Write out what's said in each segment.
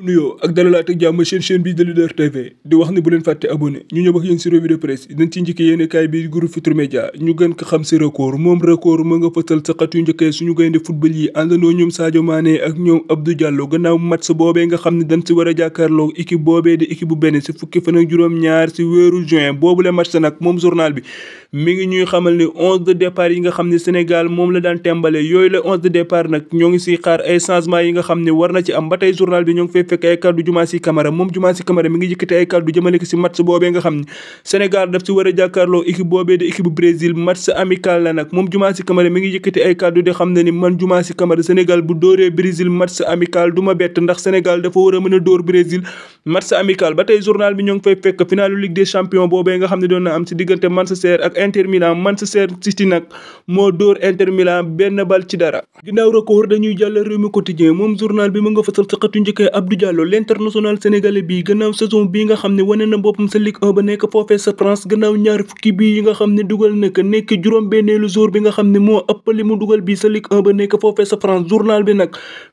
nuyoo ak dalalaat ak jàmm chaîne chaîne bi de Leader TV di wax ne bu leen fàtte abonné ñu ñëw ak yéen si revue de ci njëkkee yéene kaay bi groupe Futurs Médias ñu gën xam si record moom record moo nga fësal sa xat yu njëkkee suñu gaynde football yi àndandoo ñoom Sadio Mané ak ñoom Abdou Diallo gannaaw match boobee nga xam ne dañ si war a jàkkaarloo équipe di équipe bu benn si fukki fan juróom-ñaar si weeru juin boobule match nag moom journal bi mi ngi ñuy xamal ne onze de départ yi nga xam ne Sénégal moom la daan tembale yooyu la onze de ñoo ngi si xaar ay changement yi nga xam ne war na ci fay fekk ay kàddu Jumaa si Camara moom Jumaa si Camara mi ngi yëkkati ay kàddu jëmale ko si match boobee nga xam ne Sénégal daf si war a jàkkaarloo équipe boobee de équipe Brésil match amical la bett ndax Sénégal dafa war a mën a dóor Brésil match amical ba tey journal bi ñoo ngi fay fekk finalu Ligue des champions boobee nga xam ne doon na am si diggante Manchester ak Inter Milan Manchester City nag moo dóor Inter benn bal ci dara ginnaaw record dañuy jàll réew Abdou bi gannaaw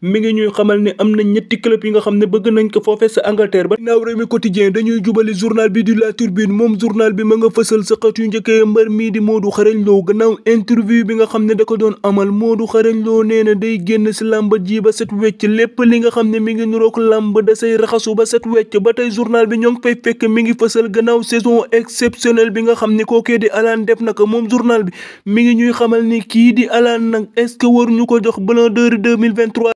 mu ngi ñuy xamal ne am na ñetti club yi nga xam ne bëgg nañ ko foofee sa Angleterre ba ginnaaw Rewmi Quotidien dañuy jubali journal bi di La Tribune moom journal bi ma nga fësal sa xët yu njëkkee mbër mii di Modou Xarañ Lo gannaaw interview bi nga xam ne da doon amal Modou Xarañ Lo nee na day génn si làmba ba set wecc lépp li nga xam ne mi ngi nurook lamb da say raxasu ba set wecc ba tey journal bi ñoo ngi fay fekk mi ngi gannaaw saison exceptionnelle bi nga xam ni kookee di alaan def naka moom journal bi mi ñuy xamal ni kii di alaan nag est waruñu ko jox Ballon d'Or 2023